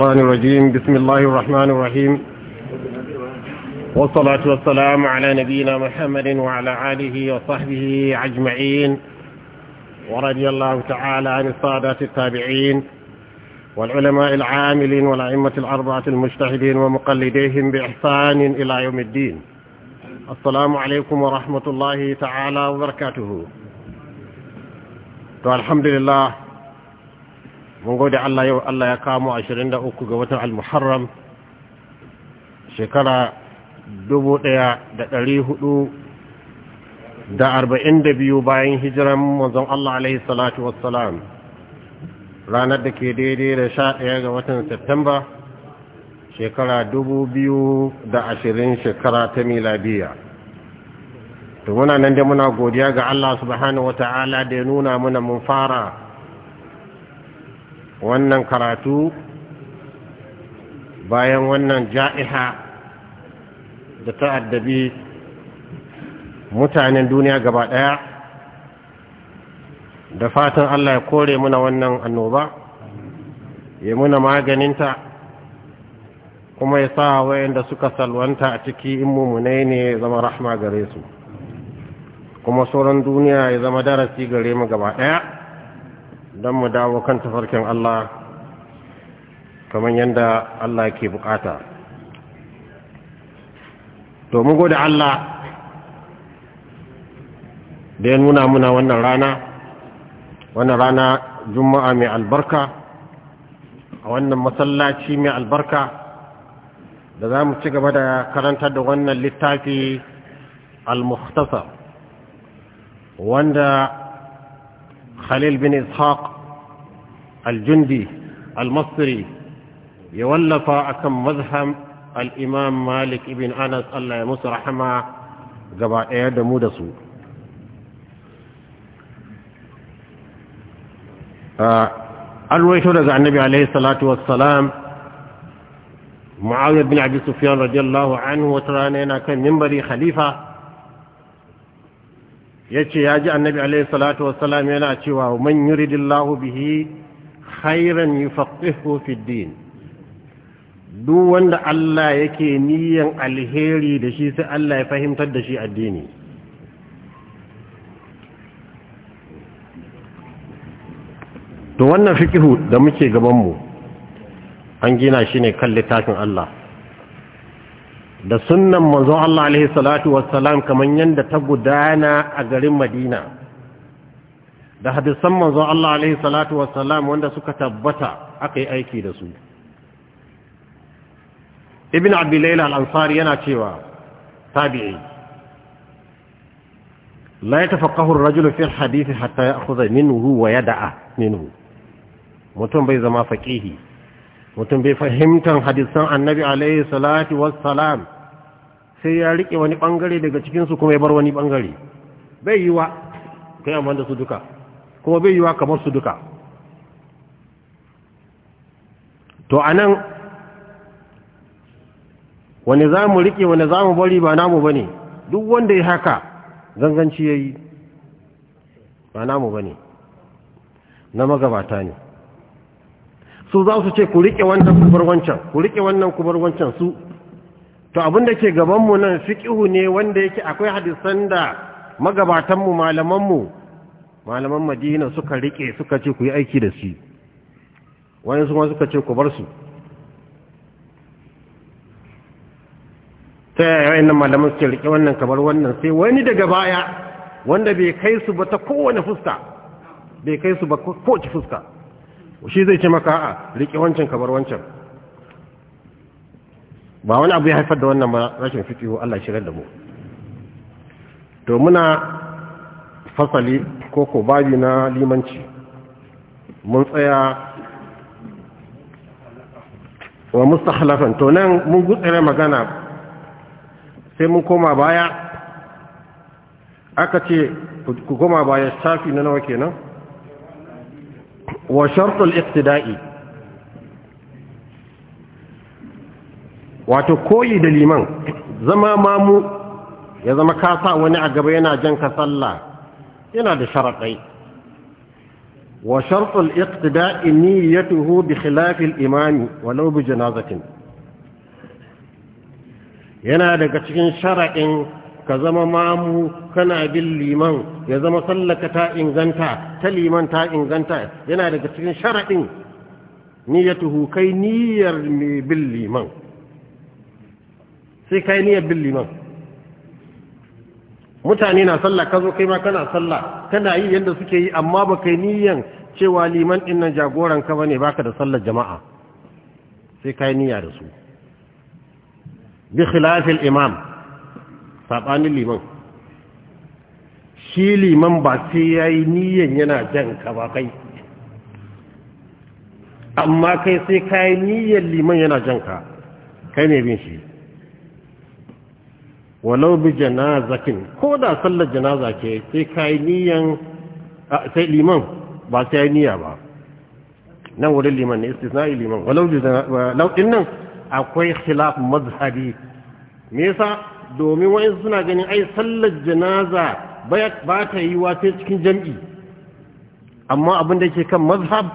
الشيطان الرجيم بسم الله الرحمن الرحيم والصلاة والسلام على نبينا محمد وعلى آله وصحبه أجمعين ورضي الله تعالى عن السادة التابعين والعلماء العاملين والأئمة الأربعة المجتهدين ومقلديهم بإحسان إلى يوم الدين السلام عليكم ورحمة الله تعالى وبركاته الحمد لله mun gode Allah yau Allah ya kamo 23 ga watan al-muharram shekara 1442 bayan hijiran manzon Allah alaihi salatu wassalam ranar da ke daidai da 11 ga watan September shekara 2020 shekara ta miladiya to muna nan da muna godiya ga Allah subhanahu wataala da ya nuna muna mun fara wannan karatu bayan wannan ja'iha da ta'addabi mutanen duniya gaba ɗaya da fatan Allah ya kore muna wannan annoba ya muna maganinta kuma ya sa wayanda suka salwanta a ciki in mummunai ne ya zama rahma gare su kuma sauran duniya ya zama darasi gare mu gaba ɗaya don mu dawo kan tafarkin Allah kamar yadda Allah ke bukata domin gode Allah da ya nuna muna wannan rana wannan rana juma'a mai albarka a wannan masallaci mai albarka da za mu ci gaba da karanta da wannan littafi al mukhtasar wanda خليل بن إسحاق الجندي المصري يولى أكم مذهم الإمام مالك ابن أنس الله يمس رحمه قبع إعادة مدسو آه، الويتو عن النبي عليه الصلاة والسلام معاوية بن عبد سفيان رضي الله عنه وترانينا كان منبري خليفة Ya ce ya ji annabi alaihi salatu Salam yana cewa man yuridillahu bihi khairan yufaqihu fi din duk wanda Allah yake niyan alheri da shi sai Allah ya fahimtar da shi addini to wannan fikihu da muke gaban mu an gina shi ne kan littafin Allah da sunnan manzon Allah alaihi salatu wassalam kaman yanda ta gudana a garin Madina da hadisan manzon Allah alaihi salatu wassalam wanda suka tabbata aka yi aiki da su ibn abilaila al-ansari yana cewa tabi'i la yatafaqahu ar-rajulu fi al-hadith hatta ya'khudha minhu wa yada'a minhu mutum bai zama faqihi mutum bai fahimtar hadisan annabi alaihi salatu wassalam sai ya rike wani bangare daga cikinsu kuma ya bar wani bangare bai yi wa kai amma da su duka kuma bai yi wa kamar su duka to a nan wani za mu rike wani za mu bari ba namu ba ne duk wanda ya haka zanganci ya yi ba namu ba ne na magabata ne su za su ce ku riƙe wannan kubar wancan ku riƙe wannan kubar wancan su to abin da ke gabanmu nan fiƙihu ne wanda yake akwai hadisan da magabatanmu malamanmu malaman madina suka riƙe suka ce ku yi aiki da su wani su suka ce ku bar su ta yaya wayannan malaman suke riƙe wannan kamar wannan sai wani daga baya wanda bai kai su ba ta kowane fuska bai kai su ba kowace fuska shi zai ce maka a'a rike wancan kamar wancan ba wani abu ya haifar da wannan ma rashin fikihu Allah shirar da mu to muna fasali ko ko babi na limanci mun tsaya wa mustakhlafan to nan mun gutsare magana sai mun koma baya aka ce ku koma baya shafi na nawa kenan wa shartul wato koyi da liman zama mamu ya zama kasa wani a gaba yana jan ka sallah yana da sharaɗai wa shartul iqtida'i niyyatuhu bi khilafil imami walau bi janazatin yana daga cikin sharaɗin ka zama mamu kana bin liman ya zama sallaka ta inganta ta liman ta inganta yana daga cikin sharaɗin niyyatuhu kai niyyar mai bin liman sai kai niyyar bin liman mutane na sallah ka zo kai ma kana sallah kana yi yadda suke yi amma ba kai niyyan cewa liman ɗin nan jagoran ka bane baka da sallar jama'a sai kai niyya da su bi khilafil imam saɓanin liman shi liman ba sai ya yi niyan yana jan ka ba kai amma kai sai ka yi niyan liman yana jan ka kai ne bin shi walau bi janazakin ko da sallar janaza ke sai ka yi niyan sai liman ba sai ya yi niyan ba nan wurin liman ne istisna'i liman walau bi janazakin nan akwai khilaf mazhabi me yasa domin wa'in suna ganin ai sallar janaza ba ta yi wa sai cikin jam'i amma abin da yake kan mazhab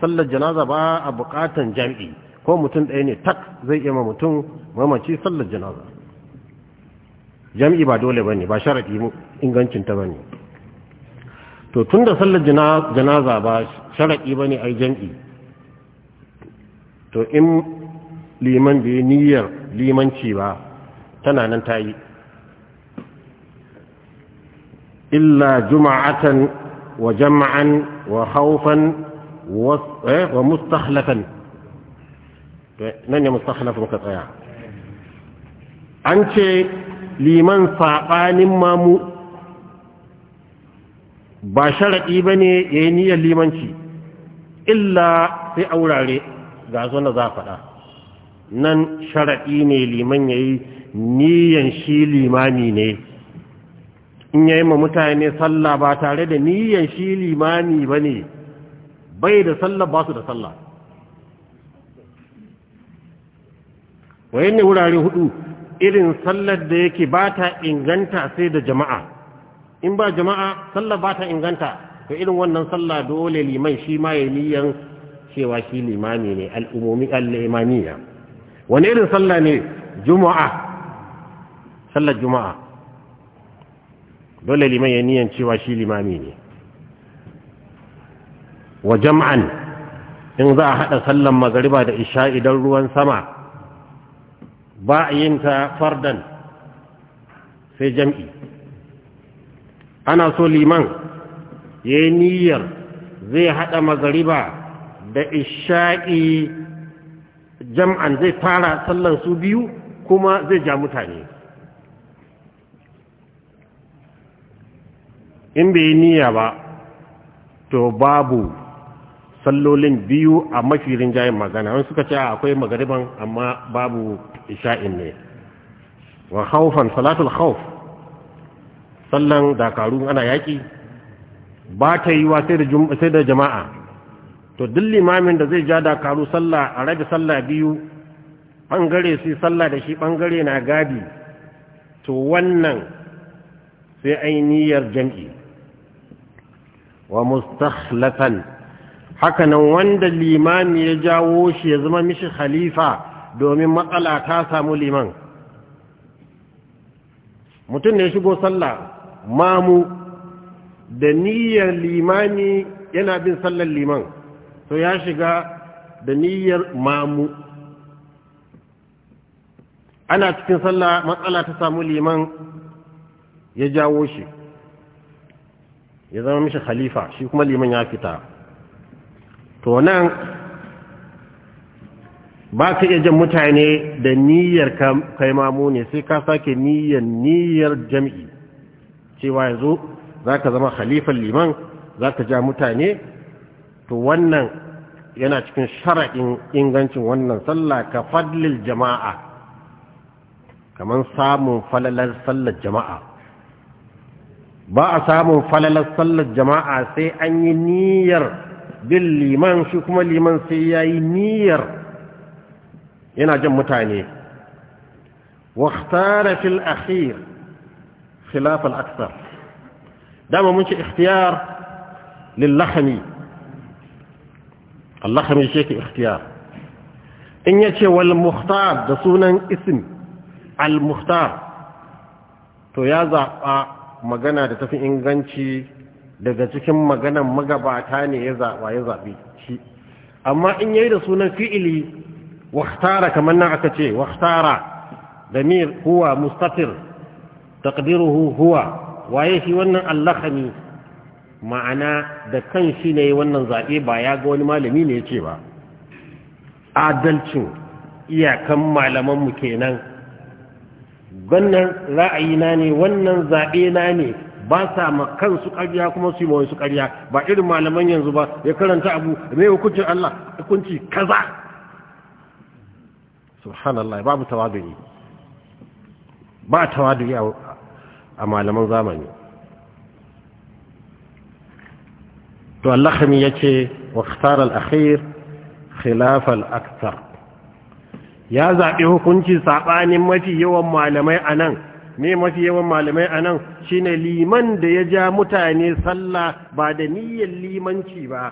sallar janaza ba a buƙatan jam'i ko mutum ɗaya ne tak zai iya ma mutum mamaci sallar janaza jam'i ba dole ba ne ba sharaɗi ta ba ne to tun da sallar janaza ba sharaɗi ba ne a jam'i to in liman bai niyyar limanci ba tana nan ta yi illa juma'atan wa jama'an wa haufan wa eh, mustahlafan nan ne mustahlafin ka tsaya an ce liman saɓanin mamu ba sharaɗi ba ne ya yi niyyar limanci illa sai a wurare ga zo na za faɗa nan sharaɗi ne liman ya yi niyan shi limami ne in yayi ma mutane sallah ba tare da niyan shi limami bane bai da sallah ba su da sallah wayanne wurare hudu irin sallar da yake ba ta inganta sai da jama'a in ba jama'a sallar ba ta inganta to irin wannan sallah dole liman shi ma ya niyan cewa shi limami ne al'umumi al'imaniya wani irin sallah ne juma'a sallar juma'a dole liman ya niyan cewa shi limami ne wa jam'an in za a haɗa sallar magariba da isha idan ruwan sama ba a yin ta fardan sai jam'i ana so liman ya yi niyyar zai haɗa magariba da isha'i jam'an zai fara sallar su biyu kuma zai ja mutane in bai yi niyya ba to babu sallolin biyu a mafi rinjayin magana wani suka ce akwai magariban amma babu isha'in ne wa haufan salatul hauf sallan dakaru ana yaƙi ba ta yi wa sai da jama'a to duk limamin da zai ja dakaru sallah a rabi sallah biyu ɓangare sai sallah da shi ɓangare na gadi to wannan sai ainihiyar jam'i wa mustakhlafan hakanan wanda limami ya jawo shi ya zama mishi khalifa domin matsala ta samu liman mutum ne shigo sallah mamu da niyyar limami yana bin sallar liman to ya shiga da niyyar mamu ana cikin sallah matsala ta samu liman ya jawo shi ya zama mishi khalifa shi kuma liman ya fita to nan ba ka iya jan mutane da niyyar kai mamu ne sai ka sake niyyar niyyar jam'i cewa yanzu za ka zama khalifan liman za ka ja mutane to wannan yana cikin shara'in ingancin wannan sallah ka fadlil jama'a kamar samun falalar sallar jama'a ba a samun falalar sallar jama'a sai an yi niyyar bin liman shi kuma liman sai ya yi niyyar yana jan mutane waktara fil akhir khilaf al-aksar dama mun ce ikhtiyar lillakhami allakhami shi ke ikhtiyar in ya ce wal muhtar da sunan ism al muhtar to ya zaɓa magana da tafi inganci daga cikin maganan magabata ne ya zaɓa ya zaɓi shi amma in yayi da sunan fi'ili waktara kamar nan aka ce Da mir huwa mustafir taqdiruhu huwa waye shi wannan allahani ma'ana da kan shi ne wannan zaɓe ba ya ga wani malami ne ya ce ba adalcin iyakan malaman mu kenan wannan ra'ayina ne wannan zaɓe na ne ba sa ma kansu ƙarya kuma su yi ma wasu ƙarya ba irin malaman yanzu ba ya karanta abu mai hukuncin Allah hukunci kaza subhanallah babu tawaduri ba tawaduri a malaman zamani to Allah ya ce wa khtar al-akhir khilaf al-akthar ya zaɓi hukunci saɓanin mafi yawan malamai a nan ne mafi yawan malamai a nan shi ne liman da ya ja mutane sallah ba da niyyar limanci ba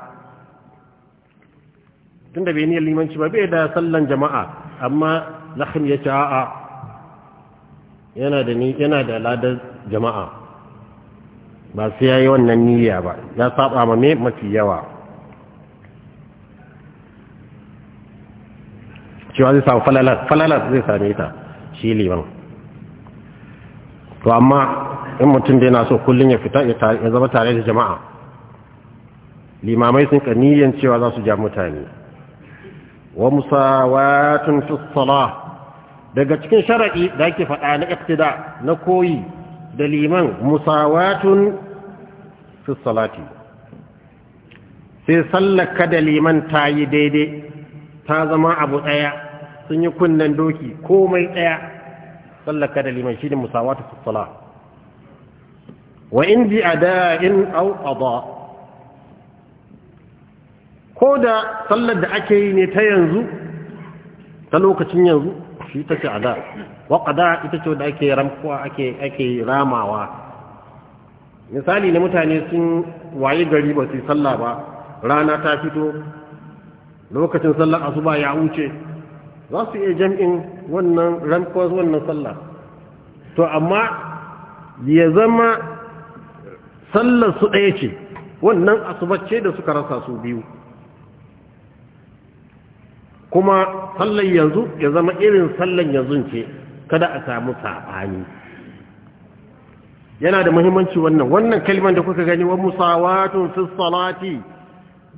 tun da bai niyyar limanci ba bai da sallan jama'a amma lakhim ya ce a'a yana da ladar jama'a ba sai ya yi wannan niyya ba ya saba ma me mafi yawa cewa zai samu falalar falalar zai same ta shi liman to amma in mutum da yana so kullum ya fita ya zama tare da jama'a limamai sun kaniyan cewa za su ja mutane wa musawatun fi salah daga cikin shar'i da ake faɗa na iftida na koyi da liman musawatun fi salati sai sallaka da liman ta yi daidai ta zama abu ɗaya sun yi kunnen doki komai ɗaya sallaka da liman shine musawatu salla wa in bi ada'in aw qada ko da sallar da ake yi ne ta yanzu ta lokacin yanzu shi ta ce ada wa qada ita ce da ake ramkuwa ake ake ramawa misali na mutane sun waye gari ba su sallah ba rana ta fito lokacin sallar asuba ya wuce za su iya jam'in wannan rampos wannan sallah to amma ya zama sallar su ɗaya ce wannan asubacce da suka rasa su biyu kuma sallar yanzu ya zama irin sallar yanzu ce kada a samu saɓani yana da muhimmanci wannan wannan kalmar da kuka gani wa musawatun fi salati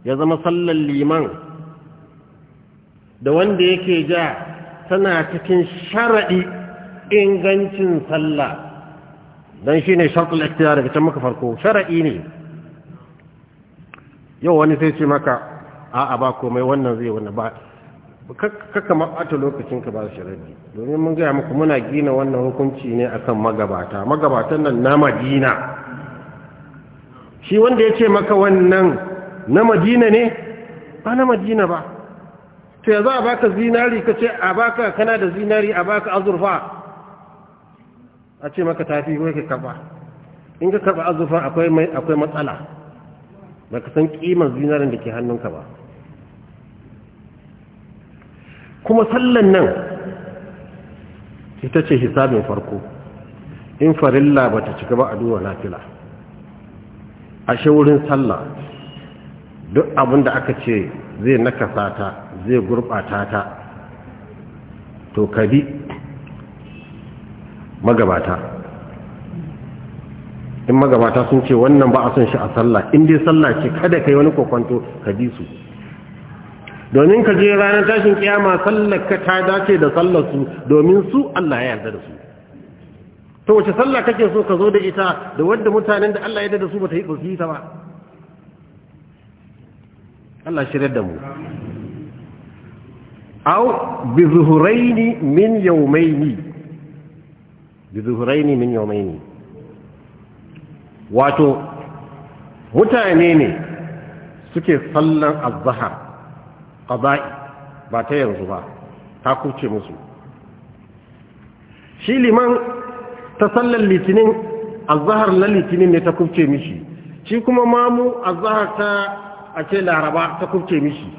ya zama sallar liman da wanda yake ja tana cikin sharaɗi ingancin sallah don shi ne sharkul ikhtiyar daga can maka farko sharaɗi ne yau wani sai ce maka a'a ba komai wannan zai wani ba kakka maɓata lokacinka ba sharaɗi domin mun gaya muku muna gina wannan hukunci ne akan magabata magabatan nan na madina shi wanda ya ce maka wannan na madina ne ba na madina ba to ya a baka zinari ka ce a baka kana da zinari a baka azurfa a ce maka tafi wai ka karba in ka karba azurfa akwai matsala ba ka san kimar zinarin da ke hannunka ba kuma sallan nan ita ce hisabin farko in farilla ba ta cika ba a duwa lafila a wurin sallah duk abin da aka ce zai nakasa ta zai gurɓata ta to ka bi magabata in magabata sun ce wannan ba a son shi a sallah in dai sallah ce kada ka yi wani kwakwanto ka bi su domin ka je ranar tashin kiyama sallar ka ta dace da sallar su domin su Allah ya yarda da su to wace sallah kake so ka zo da ita da wanda mutanen da Allah ya yarda da su ba ta yi ba Allah shirya da mu au bi min yawmaini bi wato mutane ne suke sallan azhar qada'i ba ta yanzu ba ta kuce musu shi liman ta sallar litinin azhar na litinin ne ta kuce mishi shi kuma mamu azhar ta a laraba ta kuce mishi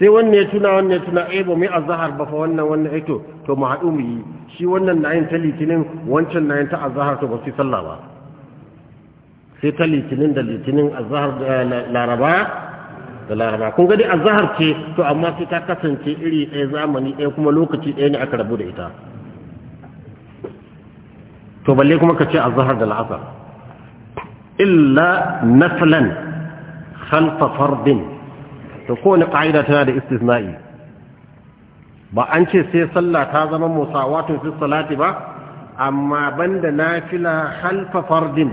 sai wannan ya tuna wannan ya tuna ebo eh, mai azahar ba fa wannan wannan ito eh, to mu haɗu mu yi shi wannan na yin ta litinin wancan na yin ta azahar to ba su sallah ba sai ta litinin da litinin da eh, laraba da laraba kun ga dai ce to amma sai ta kasance iri ɗaya zamani ɗaya kuma lokaci ɗaya ne aka rabu da ita to balle kuma ka ce azahar da la'asar. illa naflan khalfa fardin to kowane ƙa'ida tana da istisna'i ba an ce sai sallah ta zama musawatun fi salati ba amma banda nafila halfa fardin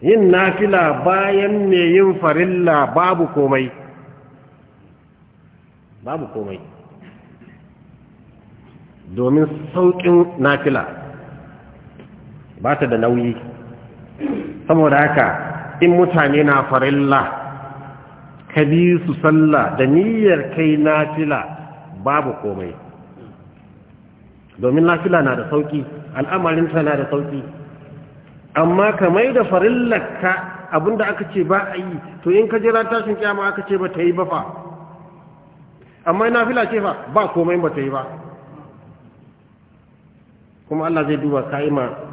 yin nafila bayan mai yin farilla babu komai babu komai domin sauƙin nafila ba ta da nauyi saboda haka in mutane na farilla ka sallah da niyyar kai nafila babu komai domin nafila na da sauki al'amarinta na da sauki amma ka mai da farillarka abinda aka ce ba a yi to in ka jira tashin kyama aka ce ba ta yi ba fa amma nafila ce fa ba komai ba ta yi ba kuma Allah zai duba ka'ima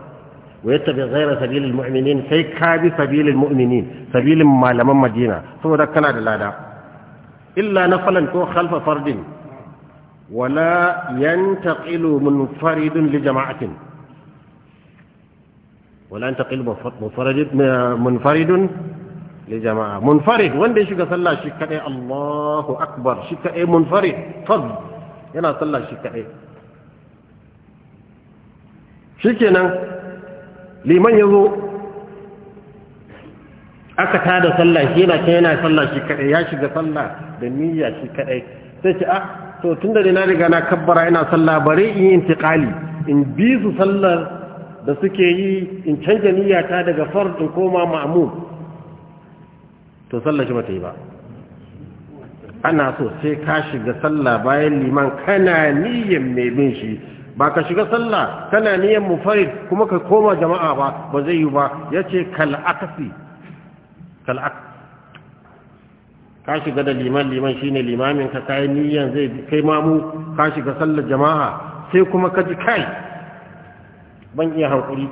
ويتبع غير سبيل المؤمنين سيكا سبيل المؤمنين سبيل ما لم مدينة سوى ذكنا للعداء إلا نفلا تو خلف فرد ولا ينتقل منفرد لجماعة ولا ينتقل منفرد منفرد لجماعة منفرد وين بيشوف صلى شكا إيه؟ الله أكبر شكا إيه منفرد فضل هنا صلى شكا إيه؟ شكا liman ya zo aka tada sallah shi yana ta yana sallah shi kaɗai, ya shiga sallah da niyya shi kaɗai. sai ce ah to tun da na riga na kabbara ina sallah bare in yi intiqali in bi su sallar da suke yi in canja niyyata daga fard in koma ma'mum to sallah shi bata yi ba ana so sai ka shiga sallah bayan liman kana niyyan mai bin shi ba ka shiga sallah kana niyan mufarid kuma ka koma jama'a ba ba zai yi ba yace kal akasi kal ka shiga da liman liman shine limamin ka kai niyan zai kai mamu ka shiga sallar jama'a sai kuma ka ji kai ban iya hankuri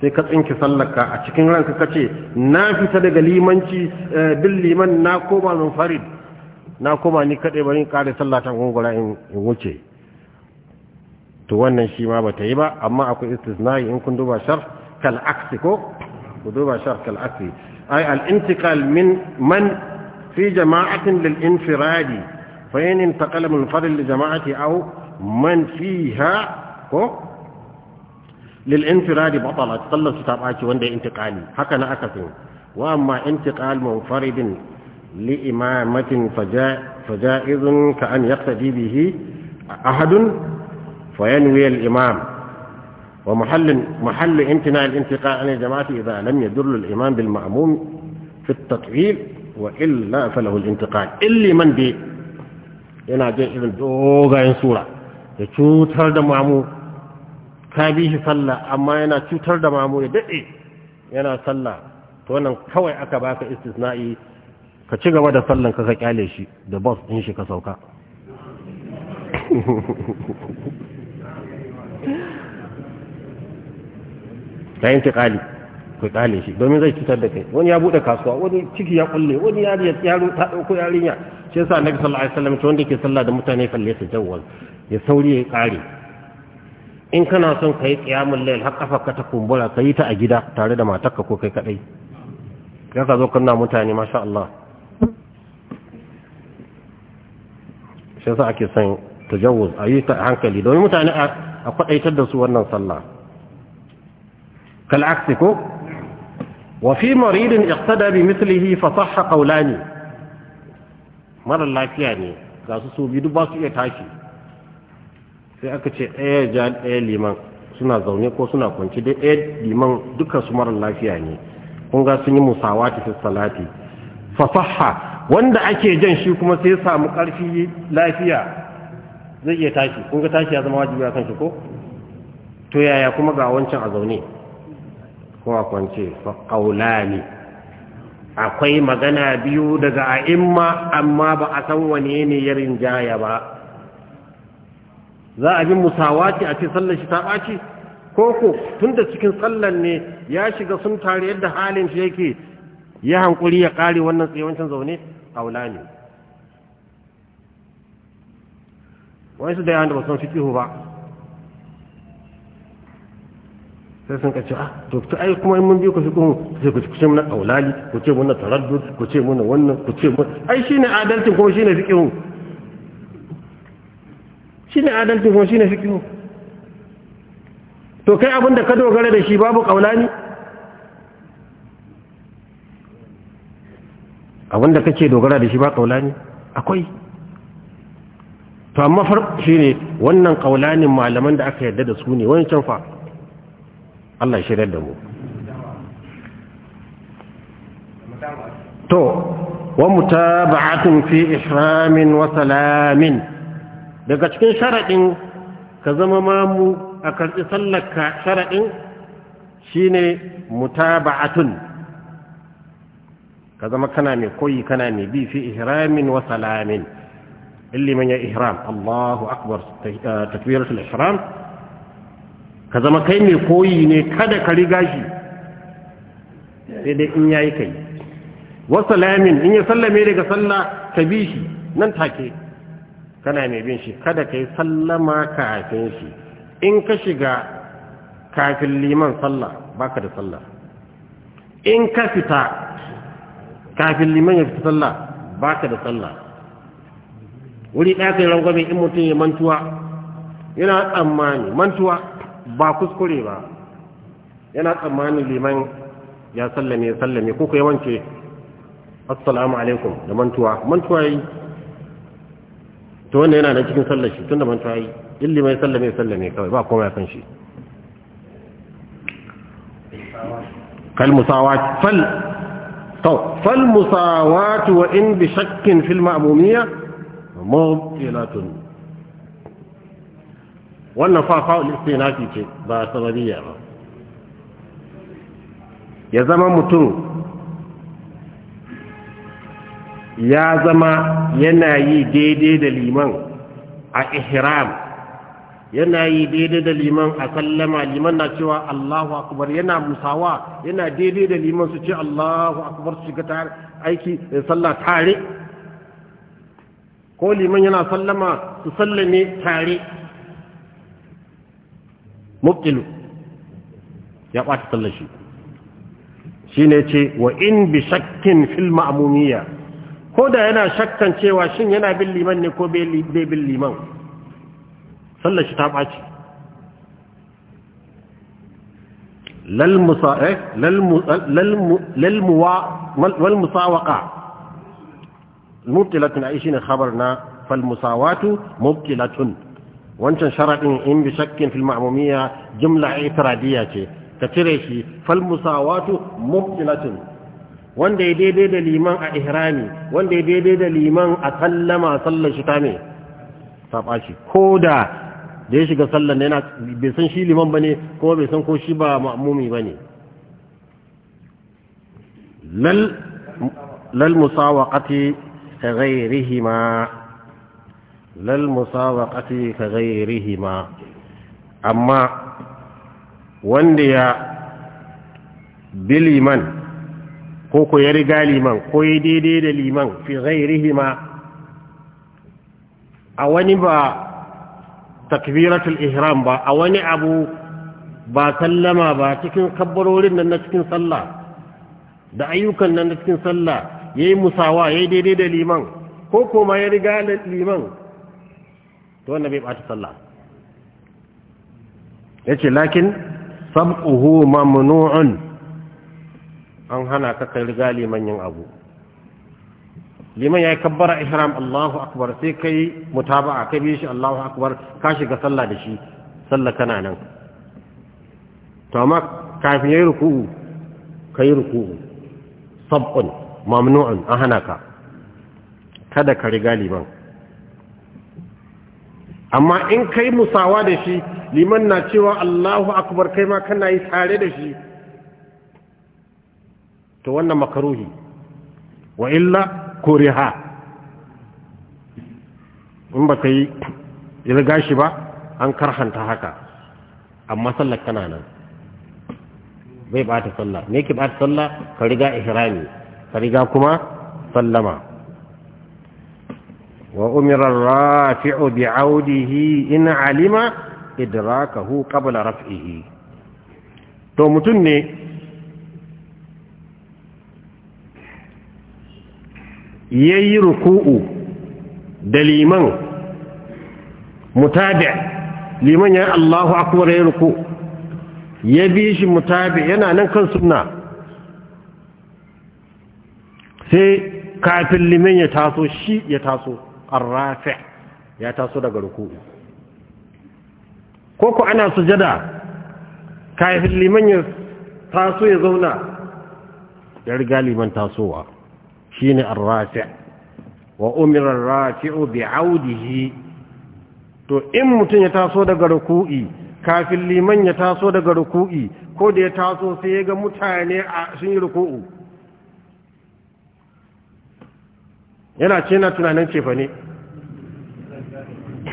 sai ka tsinki sallarka a cikin ranka kace na fita daga limanci eh, bin liman na koma mufarid na kuma ni kaɗai bari in ƙare sallah ta gungura in wuce to wannan shi ma bata yi ba amma akwai istisnai in kun duba shar kal aksi ko ku duba shar kal aksi ay al intiqal min man fi jama'atin lil infiradi fa in intaqala min fadl li jama'ati aw man fiha ko lil infiradi batala sallar ta baki wanda intiqali haka na aka so wa amma intiqal munfaridin لإمامة فجاء فجائز كأن يقتدي به أحد فينوي الإمام ومحل محل امتناع الانتقاء عن الجماعة إذا لم يدل الإمام بالمعموم في التطعيم وإلا فله الانتقاء إلا من بي أنا جاي إذن دوغا سورة ينصورا يتوتر دمعمو كابيه صلى أما أنا ينا توتر دمعمو يدعي أنا صلى تونا كوي أكباك استثنائي ka ci gaba da sallan ka ka kyale shi da boss din shi ka sauka ka yanke kali ku kyale shi domin zai cutar da kai wani ya bude kasuwa wani ciki ya kulle wani ya yaro ta dauko yarinya shi yasa annabi sallallahu alaihi wasallam wanda yake sallah da mutane kalle ta jawwal ya sauri ya kare in kana son ka yi layl lail har ƙafarka ta kumbura ka yi ta a gida tare da matarka ko kai kaɗai ya ka zo kanna mutane masha Allah sai sa ake son tajawuz a yi hankali domin mutane a kwadaitar da su wannan sallah kal'aksi ko wa fi maridin iqtada bi mithlihi fa sahha qawlani mara lafiya ne ga su so bi duk su iya tashi sai aka ce ɗaya ja ɗaya liman suna zaune ko suna kwanci dai ɗaya liman duka su mara lafiya ne kun ga sun yi musawati fi salati fasaha wanda ake jan shi kuma sai ya samu karfi lafiya zai iya tashi kun ga tashi ya zama wajibi a kan shi ko to yaya kuma ga wancan a zaune ko a kwance ƙaulani akwai magana biyu daga a'imma amma ba a san wane ne ya rinjaya ba za a bi musawati a ce sallar shi ta ɓaci ko ko tun cikin sallar ne ya shiga sun tare yadda halin shi yake ya hankuri ya kare wannan tsayawancin zaune aula ne wani su da yawan da ba san fikihu ba sai sun kace ah to ai kuma in mun biyo ku fikihu sai ku ce muna aulali ku ce mun taraddud ku ce mun wannan ku ce mun ai shi ne adalcin kuma shi ne shine shi shine adalcin kuma shi ne fi fikihu to kai abin da ka dogara da shi babu kaulani abinda kake dogara da shi ba ne akwai to amma farko shine wannan kaulanin malaman da aka yarda da su ne wancan fa Allah da mu to wa mutaba'atun fi ihramin wa salamin daga cikin sharadin ka zama mamu a karɓi sallarka sharaɗin shi ne mutaba'atun ka zama kana mai koyi kana mai bi fi ihramin wa salamin illi man ya ihram Allahu akbar eh, takbiratul ihram ka zama kai mai koyi ne kada ka riga shi sai dai in yayi kai wa salamin in ya sallame daga sallah ka bi shi nan take kana mai bin shi kada kai sallama kafin shi in ka shiga kafin liman sallah baka da sallah in ka fita kafin liman ya fita sallah ba ka da sallah wuri ɗaya kai rangwame in mutum ya mantuwa yana tsammani mantuwa ba kuskure ba yana tsammani liman ya sallame ya sallame ko kai yawance assalamu alaikum da mantuwa mantuwa yi to wanda yana nan cikin sallar shi tun da mantuwa yi in liman sallame sallame kawai ba komai san shi kal fal طب fal musawatu wa في المعموميه مبطله fil ma'mumiyya mubtilatun wannan fa fa'ul istinafi ce ba sababiyya ba ya zama mutum ya zama yana yi daidai da liman a ihram yana yi daidai da liman a sallama liman na cewa Allahu akbar yana musawa yana daidai da liman su ce Allahu akbar su shiga ta aiki eh, sallah tare ko liman yana sallama su sallame tare mubtilu ya ɓata sallar shi shi ne ce wa in bi shakkin fil ma'amumiyya ko da yana shakkan cewa shin yana bin liman ne ko bai bin liman sallar shi ta ɓaci lalmusawaƙa eh, mubtilatun a ishi ne khabar na falmusawatu mubtilatun wancan sharaɗin in bi shakkin fil ma'amumiyya jimla itiradiyya ce ka cire shi falmusawatu mubtilatun wanda ya daidai da liman a ihrami wanda ya daidai da liman a sallama sallar shi ta ne ta ɓaci ko da da ya shiga sallan yana bai san shi liman bane kuma bai san ko shi ba ba bane lal lal musawaqati ka ghairihima lal musawaqati ka ghairihima amma wanda ya biliman ko ko ya riga liman ko ya daidai da liman fi ghairihima a wani ba takbiratul ihram ba a wani abu ba sallama ba cikin kabbarorin nan na cikin sallah da ayyukan nan na cikin sallah yayi musawa yayi daidai da liman ko kuma ya riga da liman to wannan bai bata sallah yace lakin sabquhu mamnu'un an hana ka kai riga liman yin abu liman ya yi kabbara ihram Allahu akbar sai kai mutaba'a kai bi shi Allahu akbar ka shiga sallah da shi sallah kana nan to amma kafin yayi ruku'u kai ruku'u sab'un mamnu'un an ka kada ka riga liman amma in kai musawa da shi liman na cewa Allahu akbar kai ma kana yi tare da shi to wannan makaruhi wa illa kuriha in ba ka yi irga shi ba an karhanta haka amma sallar kana nan bai bata sallah me ke bata sallah ka riga ihrami ka riga kuma sallama wa umira rafi'u audihi in alima idrakahu qabla raf'ihi to mutum ne Yayi ruku'u da liman mutabi liman ya Allahu akbar ya ruku ya bi shi mutabi yana nan kan sunna sai kafin liman ya taso shi ya taso arrafi ya taso daga ruku'u ko ku ana sujada kafin liman ya taso ya zauna ya riga liman tasowa shine ar-rafi' wa umira ar-rafi'u bi'audihi to in mutun ya taso daga ruku'i kafin liman ya taso daga ruku'i ko da ya taso sai ya ga mutane a sun yi ruku'u yana ce na tunanin cefa ne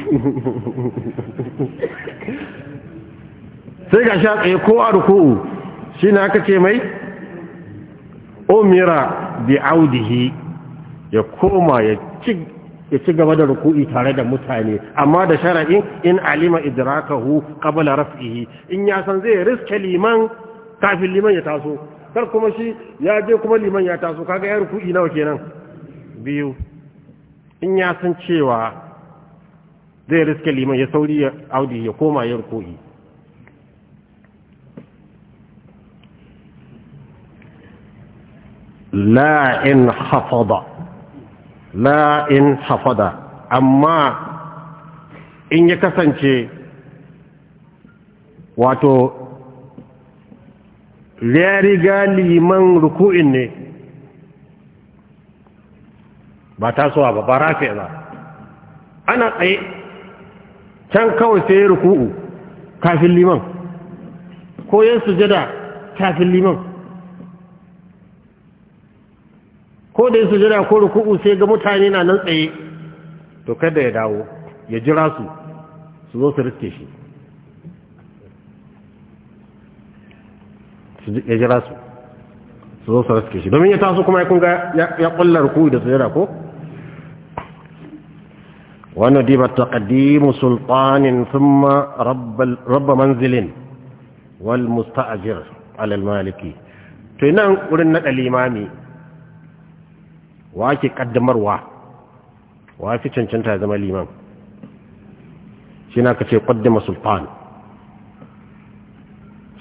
sai ga sha tsaye a ruku'u shi na aka ce mai umira bi audihi ya koma ya ci gaba da ruku'i tare da mutane amma da shara'in in alima idrakahu qabla raf'ihi in ya san zai riske liman kafin liman ya taso kar kuma shi ya je kuma liman ya taso kaga ya ruku'i nawa kenan biyu in ya san cewa zai riske liman ya sauri ya audihi ya koma ya ruku'i la in hafada la in hafada amma in ya kasance wato ya riga liman ruku'in ne ba tasowa ba ba rafi ba ana tsaye can kawai sai ya ruku'u kafin liman ko ya sujada kafin liman ko da su jira ko ruku'u sai ga mutane na nan tsaye to kada ya dawo ya jira su su zo su riske shi ya jira su su zo su riske shi domin ya taso kuma ya kunga ya kulla ruku'u da su jira ko وندب rabba manzilin wal رب, رب منزل To على nan تنان na الإمامي wa ake kaddamarwa wa fi cancanta ya zama liman shi na ka ce kaddama sultan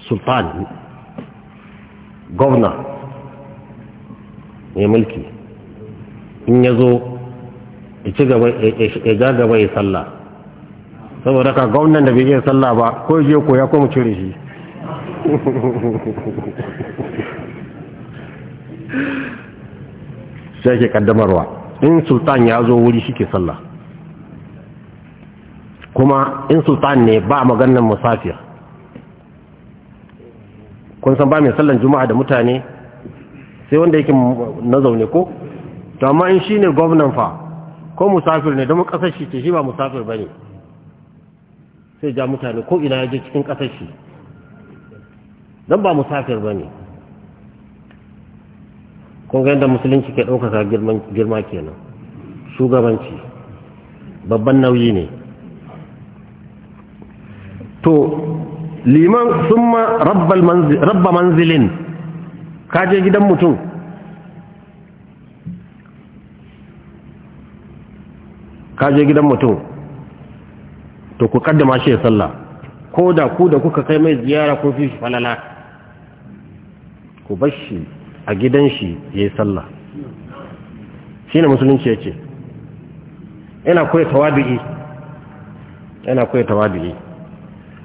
sultan gwamna mai mulki in ya zo ya ja gaba ya salla saboda ka gwamnan da bai iya sallah ba ko je koya ko kuma cire shi Sai ke kaddamarwa in sultan ya zo wuri shi ke sallah kuma in sultan ne ba maganar musafir kun san ba mai sallan juma'a da mutane sai wanda yake na zaune ko to amma in shine gwamnan fa ko musafir ne don kasar shi ce shi ba musafir ne sai ja mutane ko ina ya je cikin kasar shi don ba musafir ne. kun ga musulunci ke ɗaukaka girma kenan shugabanci babban nauyi ne to liman sun ma rabba manzilin kaje gidan mutum kaje gidan mutum to ku kaddama shi ya sallah ko da ku da kuka kai mai ziyara ko fi shi falala ku bashi a gidan shi ya yi sallah shi ne musulunci ya ce yana koya tawabi'i yana koya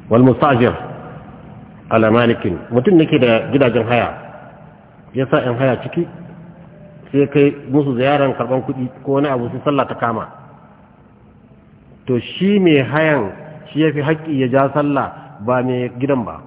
wal mustajir ala malikin mutum nake da gidajen haya ya sa 'yan haya ciki sai kai musu ziyarar karban kuɗi ko wani abu sai sallah ta kama to shi mai hayan shi ya fi haƙƙi ya ja sallah ba mai gidan ba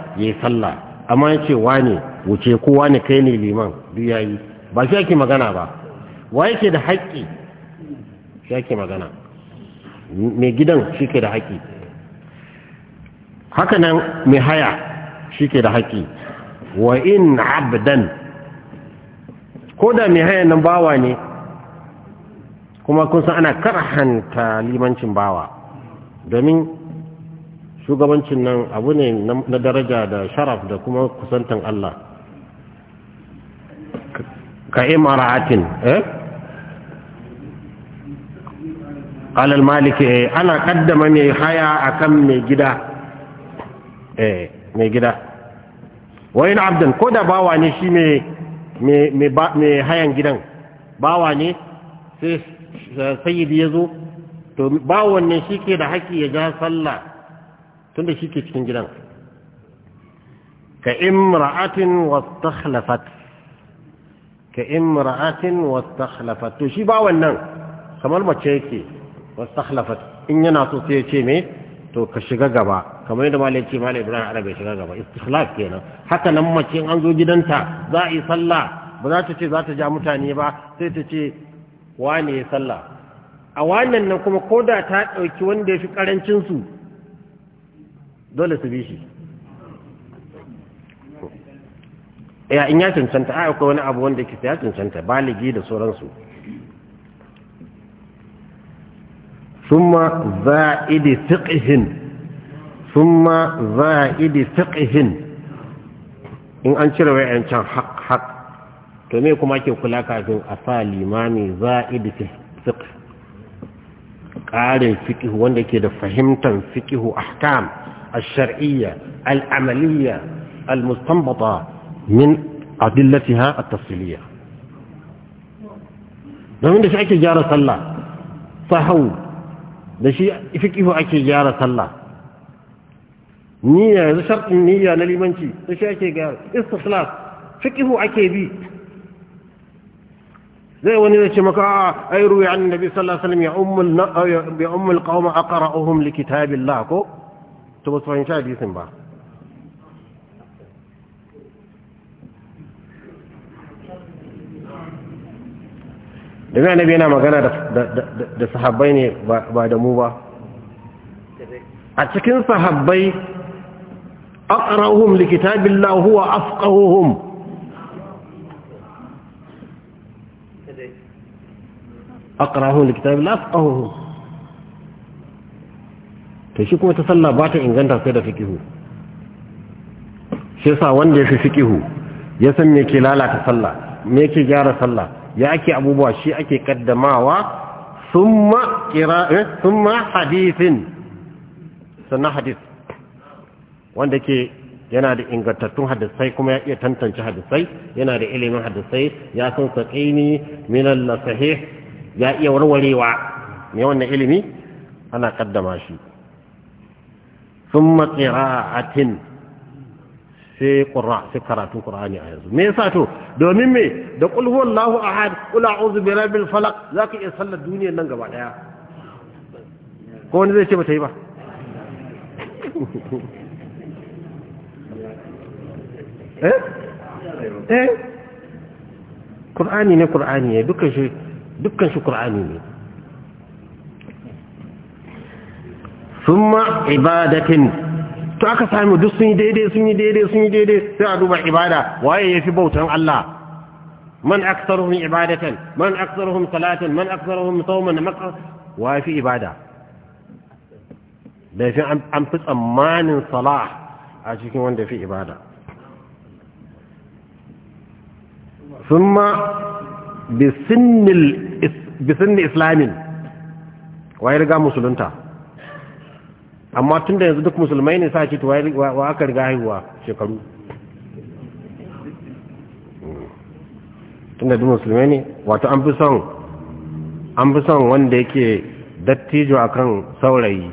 ya yi sallah amma ya ce wane wuce ko wane kai ne liman duk ya yi ba shi ake magana ba wa yake da haƙƙi shi ake magana mai gidan shi ke da haƙƙi haka nan mai haya shi ke da haƙƙi wa in abdan ko da mai haya nan bawa ne kuma kun san ana karhanta limancin bawa domin shugabancin nan abu ne na daraja da sharaf da kuma kusantan Allah ka imara'atin eh alal maliki eh, ana kaddama mai haya akan mai gida eh mai gida wayin abdan ko da bawa ne shi mai hayan gidan bawa ne sai sayyidi ya zo to bawon ne shi ke da haƙƙi ya ja sallah tunda shi ke cikin gidan ka imra'atin wastakhlafat ka imra'atin wastakhlafat to shi ba wannan kamar mace yake wastakhlafat in yana so sai ya ce me to ka shiga gaba kamar yadda malai ce malai ibrahim arab ya shiga gaba istikhlaf kenan haka nan mace in an zo gidanta za a yi sallah ba za ta ce za ta ja mutane ba sai ta ce wane ya sallah a wannan nan kuma ko da ta ɗauki wanda ya fi ƙarancinsu dole su bi shi ya in ya cancanta a akwai wani abu wanda ke ya cancanta baligi da sauransu summa za'idi fiqhin summa za'idi fiqhin in an cire wayan can haq haq to me kuma ke kula kafin a sa limami za'idi fiqh ƙarin fiqh wanda ke da fahimtar fiqh ahkam الشرعية العملية المستنبطة من أدلتها التفصيلية ومن شيء جارة صلى فهو ماشي فكيف أكي جارة صلى نية شرط النية أنا اللي نليمنشي ماشي أي جارة استخلاص فكيف أكي بي زي وني نشي مكا أيروي عن النبي صلى الله عليه وسلم يعم القوم أقرأهم لكتاب الله كو تبغى تفهم شيء بيسمع لما نبينا ما كان ده بعد موبا أتكن صحابي أقرأهم لكتاب الله هو أفقههم أقرأهم لكتاب الله أفقههم to shi kuma ta sallah ba ta inganta sai da fikihu shi yasa wanda ya fi fikihu ya san me ke lalata sallah me ke gyara sallah ya ake abubuwa shi ake kaddamawa summa qira'a summa eh, hadithin sunna hadith wanda ke yana da ingantattun hadisai kuma ya iya tantance hadisai yana da ilimin hadisai ya san saqini min al-sahih ya iya warwarewa me wannan ilimi ana kaddama shi thumma qira'atin sai qurra sai karatu qur'ani a yanzu me yasa to domin me da qul huwallahu ahad qul a'udhu bi rabbil falaq zaka iya sallar duniyar nan gaba ɗaya ko wani zai ce ba ta yi ba eh, eh? ne qur'ani ne dukkan shi dukkan ne summa ibadatin to aka sami duk sun yi daidai sun yi daidai sun yi daidai sai a duba ibada waye ya fi bautan Allah man aktsaruhum ibadatan man aktsaruhum salatan man aktsaruhum sawman wa fi ibada da fi an fi tsammanin salah a cikin wanda fi ibada summa bi sinni islamin waye riga musulunta amma tun da yanzu duk musulmai ne sa ce to wa aka riga haihuwa shekaru tun da duk musulmai ne wato an fi son an fi son wanda yake dattijo a kan saurayi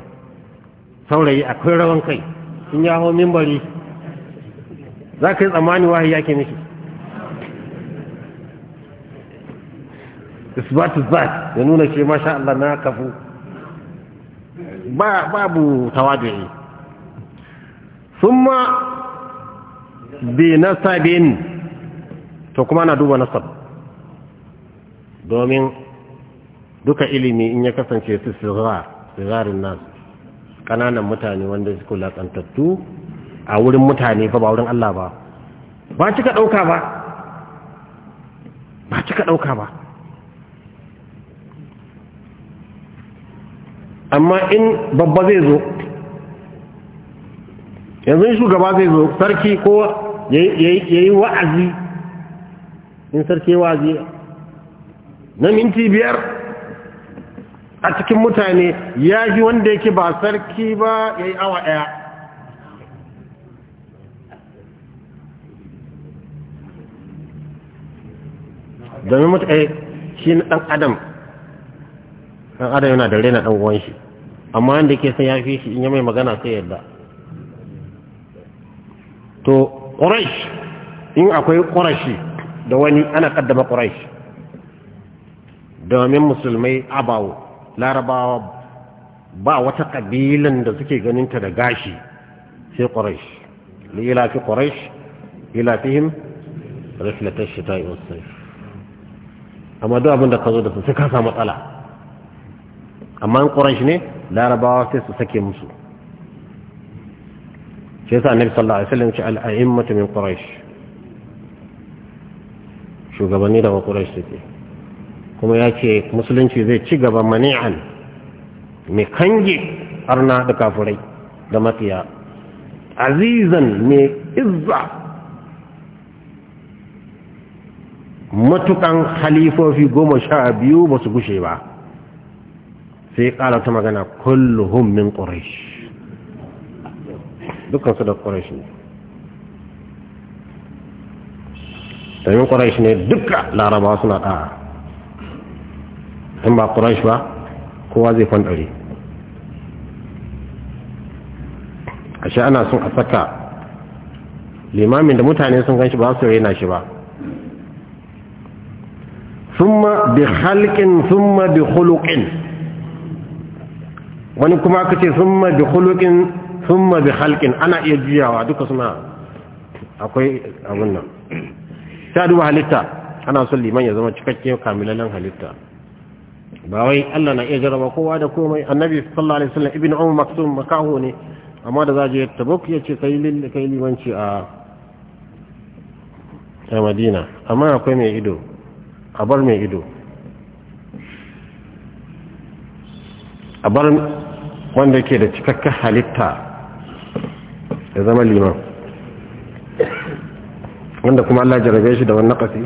saurayi akwai rawan kai Sun yaho hau mimbari za ka yi tsammani ya yake miki isbat isbat ya nuna ce masha Allah na kafu ba babu tawadu'i thumma bi nasabin to kuma na duba nasab domin duka ilimi in ya kasance su sigar sigarin nasu kananan mutane wanda suke latsantattu a wurin mutane fa ba wurin Allah ba ba cika dauka ba ba cika dauka ba amma in babba zai zo yanzu shugaba zai zo sarki ko ya yi wa'azi in sarki wa'azi na minti biyar a cikin mutane ya ji wanda yake ba sarki ba ya yi awa ɗaya domin mutane eh, shi na ɗan adam dan adam yana da raina dan uwan shi amma wanda yake san ya fi shi in ya mai magana sai yadda to quraish in akwai quraishi da wani ana kaddama quraish domin musulmai abawo larabawa ba wata kabilan da suke ganinta da gashi sai quraish li ila fi quraish ila fihim rihlatash shita'i was sayf amma duk abin da ka zo da su sai ka samu matsala amma in ne larabawa sai su sake musu shi yasa annabi sallallahu alaihi wasallam ce al'a'immatu min quraish shugabanni daga quraish suke kuma ya ce musulunci zai ci gaba mani'an mai kange arna da kafurai da matiya azizan mai izza matukan halifofi goma sha biyu ba su gushe ba sai ƙara ta magana kulluhum min quraish dukkan su da quraish ne domin quraish ne duka larabawa suna ɗaya in ba quraish ba kowa zai fandare ashe ana son a saka limamin da mutane sun ganshi ba su raina shi ba summa bi khalqin summa bi khuluqin wani kuma aka ce ma bi sun ma bi halkin, ana iya juyawa duka suna akwai abin nan sha duba halitta ana son liman ya zama cikakken kamilan halitta ba wai Allah na iya jaraba kowa da komai annabi sallallahu alaihi wasallam ibnu ummu maksum makahu ne amma da zaje tabuk ce kai lil kai limanci a a Madina amma akwai mai ido a bar mai ido a bar wanda ke da cikakken halitta ya zama liman wanda kuma Allah jarabe shi da wannan naƙasi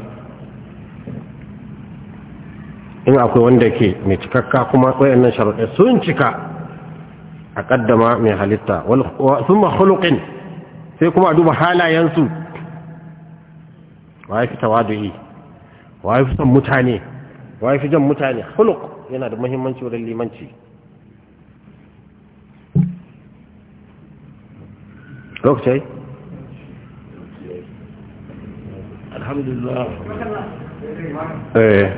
in akwai wanda ke mai cikakka kuma wayannan sharuɗe sun cika a ƙaddama mai halitta sun mahulukin sai kuma a duba halayensu wa ya fi tawadu'i wa ya fi son mutane wa ya fi jan mutane huluk yana da muhimmanci wurin limanci lokaci alhamdulillah eh.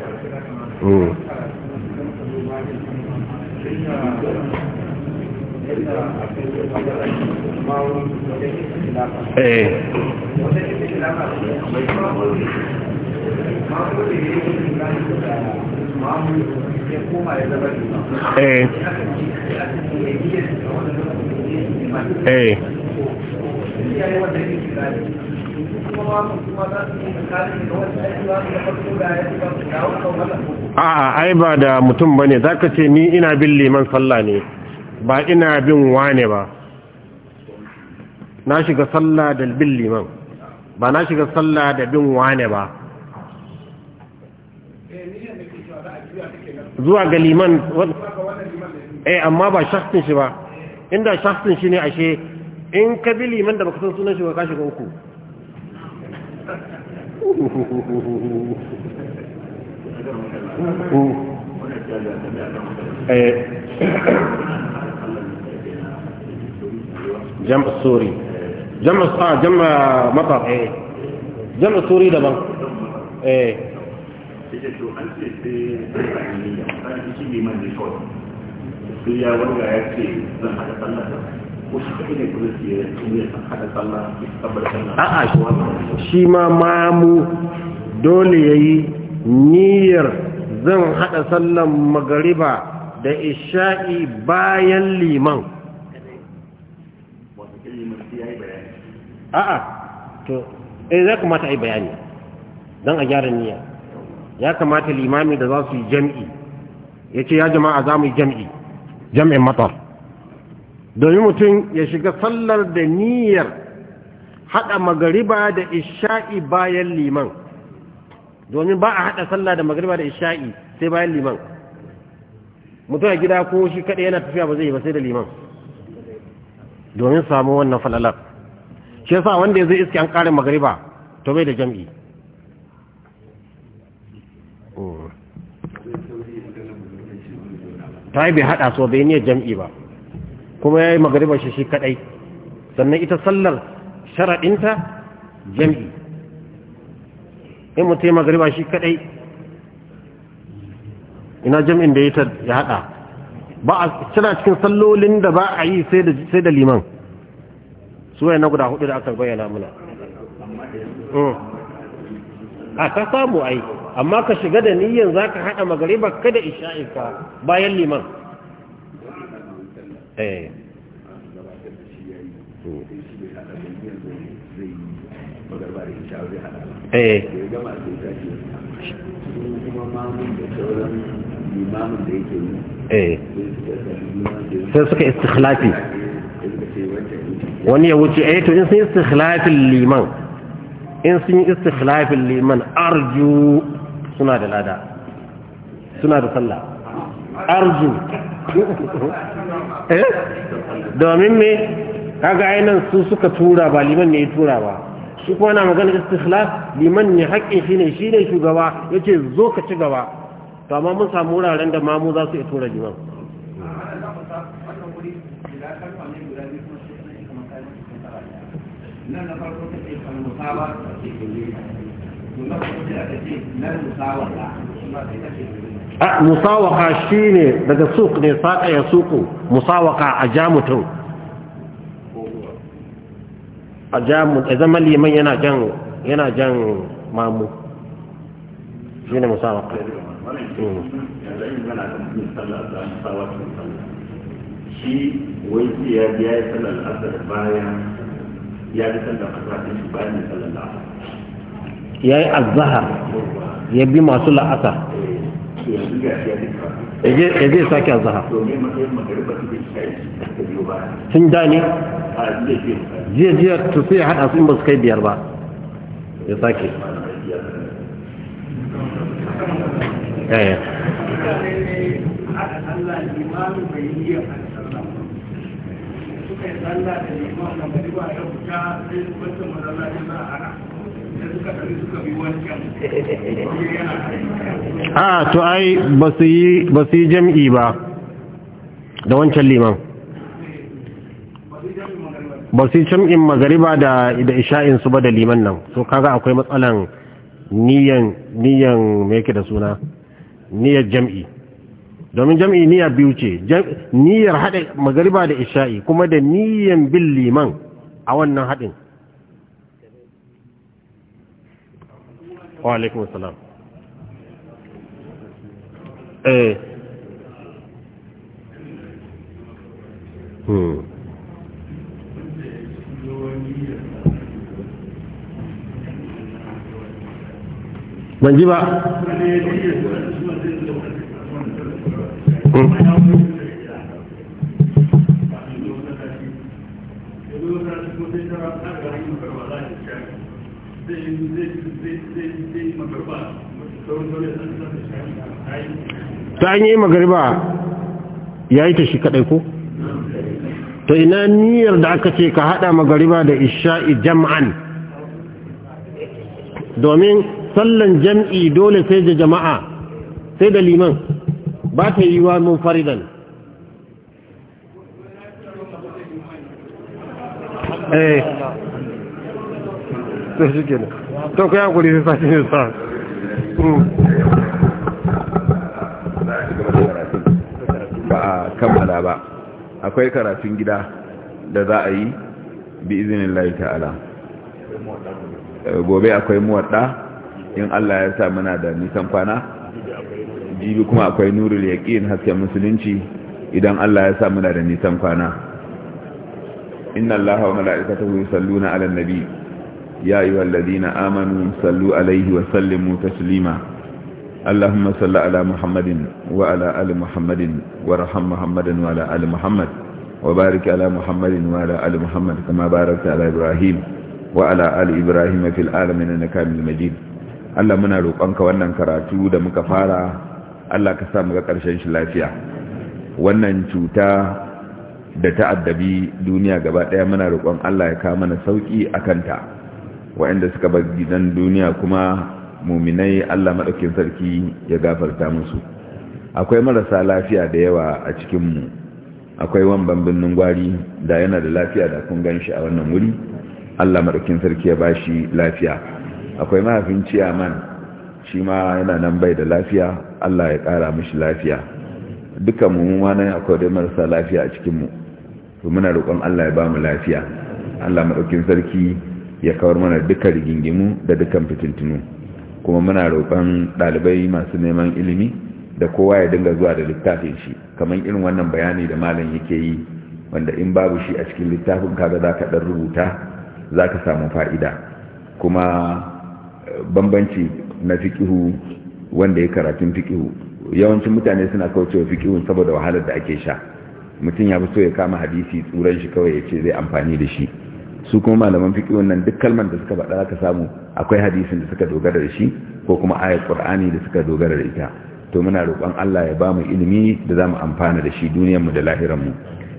Hmm. eh eh eh eh a'a ai ba da mutum bane ka ce ni ina bin liman sallah ne ba ina bin wane ba na shiga sallah da bin liman ba na shiga sallah da bin wane ba zuwa ga liman eh amma ba shakkin shi ba inda shakkin shi ne ashe in ka bi liman da baka san sunan shi ba ka shiga uku jam'a sori jam'a a jam'a matar jam'a sori daban eh sai ya wanga ya ce zan haɗa sallah a'a shi ma mamu dole ya yi niyyar zan haɗa sallan magariba da isha'i bayan liman a'a to eh za kamata a yi bayani don a gyara niyya ya kamata limami da za su yi jam'i ya ce ya jama'a za mu yi jam'i jam'in matar domin mutum ya shiga sallar da niyyar haɗa magariba da isha'i bayan liman domin ba a haɗa sallar da magariba da isha'i sai bayan liman mutum a gida ko shi kaɗai yana tafiya ba zai yi ba sai da liman domin samu wannan falalar shi sa wanda ya zai iske an ƙarin magariba to bai da jam'i ta yi bai haɗa so bai niyyar jam'i ba kuma ya yi magariba shi shi kadai sannan ita sallar sharaɗinta jam'i in mutum yi magariba shi kadai ina jami'in da ya haɗa ba a cina cikin sallolin da ba a yi sai da liman su na guda hudu da aka bayyana mana. Mm. a ka samu ai amma ka shiga da niyyar za ka haɗa magariba kada isha'inka bayan liman Eh. Eh. Eh. sai suka istikhlafi wani ya wuce eh to in sun istikhlafin liman in sun istikhlafin liman arju suna da lada suna da sallah arju Eh? domin me kaga ainihin su suka tura ba liman ne ya tura ba shi kuma na magana istikhlas liman ne haƙƙin shi ne shi ne shugaba ya ce zo ka ci gaba to amma mun samu wuraren da mamu za su ya tura liman nan na farko ta ce kan musawar da ke gole na farko ta ce nan musawar da shi ba sai ta ce musawaka shi ne daga suq ne saƙa ya suku musawaka a ja mutum a ja mutum zama liman yana jan yana jan mamu shine musawaka mm. shi wai ya biya ya sallar asar bayan ya bi sallar asar shi bayan ya sallar da asar ya yi azahar ya bi masu la'asar ya zai sake a zaha sun da ne jiya jiya to sai hada haɗa su in ba su kai biyar ba ya sake suka yi tsalla da a ah, to ai ba su yi jam'i ba da wancan liman ba su yi jam'in magariba da isha'insu ba da liman nan so kaga akwai matsalan niyan niyan me yake da suna niyan jam'i domin jam'i niyar biyu ce niyar haɗa magariba da isha'i kuma da niyan bin liman a wannan haɗin wa alaikum salam eh. hmm. ban ji ba Thank hmm. you. zai yi ta an yi magariba ya yi ta shi kadai ko? ta ina niyyar da aka ce ka hada magariba da isha'i jama'an? domin sallan jam'i dole sai da jama'a sai da liman ba ta yi wa mun faridan eh sai shi ke to ku ya guri sai shi sa hmm. ba a kammala ba akwai karatun gida da za a yi bi izinin layi ta'ala eh, gobe akwai muwadda in Allah ya sa muna da nisan kwana jibi kuma akwai nurul yaqin hasken musulunci idan Allah ya sa muna da nisan kwana inna allaha wa mala'ikatahu yusalluna 'alan nabiy يا أيها الذين آمنوا صلوا عليه وسلموا تسليما اللهم صل على محمد وعلى آل محمد ورحم محمد وعلى آل محمد وبارك على محمد وعلى آل محمد كما باركت على إبراهيم وعلى آل إبراهيم في العالمين إنك حميد مجيد Allah muna roƙonka wannan karatu da muka fara Allah ka sa muka ƙarshen shi lafiya wannan cuta da ta'addabi duniya gaba ɗaya muna roƙon Allah ya kawo mana sauki akan ta waɗanda suka bar gidan duniya kuma muminai Allah maɗaukin sarki ya gafarta musu akwai marasa lafiya da yawa a cikinmu akwai wamban birnin gwari da yana da lafiya da kun gan shi a wannan wuri Allah maɗaukin sarki ya ba shi lafiya akwai mahaifin ciyaman shi ma yana nan bai da lafiya Allah ya ƙara mishi lafiya dukan mu nan akwai dai marasa lafiya a cikinmu to muna roƙon Allah ya ba mu lafiya Allah maɗaukin sarki ya kawar mana duka rigingimu da dukan fitintinu kuma muna roƙon ɗalibai masu neman ilimi da kowa ya dinga zuwa da littafin shi kamar irin wannan bayani da malam yake yi wanda in babu shi a cikin littafin kaga za ka ɗan rubuta za ka samu fa'ida kuma eh, bambanci na fikihu wanda ya karatun fikihu yawancin mutane suna wa fikihun saboda wahalar da ake sha mutum ya fi so ya kama hadisi tsuran shi kawai ya ce zai amfani da shi su kuma malaman fiqh wannan duk kalmar da suka faɗa aka samu akwai hadisin da suka dogara da shi ko kuma ayat qur'ani da suka dogara da ita to muna roƙon Allah ya bamu ilimi da zamu amfana da shi duniyar mu da lahirar mu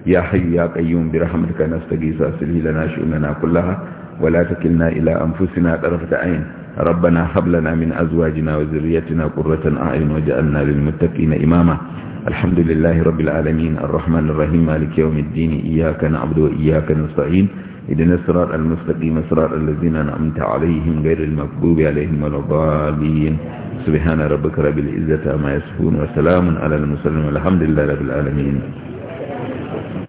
ya hayyu ya qayyum bi rahmatika nastaghis aslih lana shu'unana kullaha wa la takilna ila anfusina tarfata ayn ربنا هب لنا من ازواجنا وذريتنا قرة اعين واجعلنا للمتقين اماما الحمد لله رب العالمين الرحمن الرحيم مالك يوم الدين إياك نعبد وإياك نستعين إذن الصراط المستقيم صراط الذين أنعمت عليهم غير المكبوب عليهم ولا الضالين سبحان ربك رب العزة ما يصفون وسلام على المسلم والحمد لله رب العالمين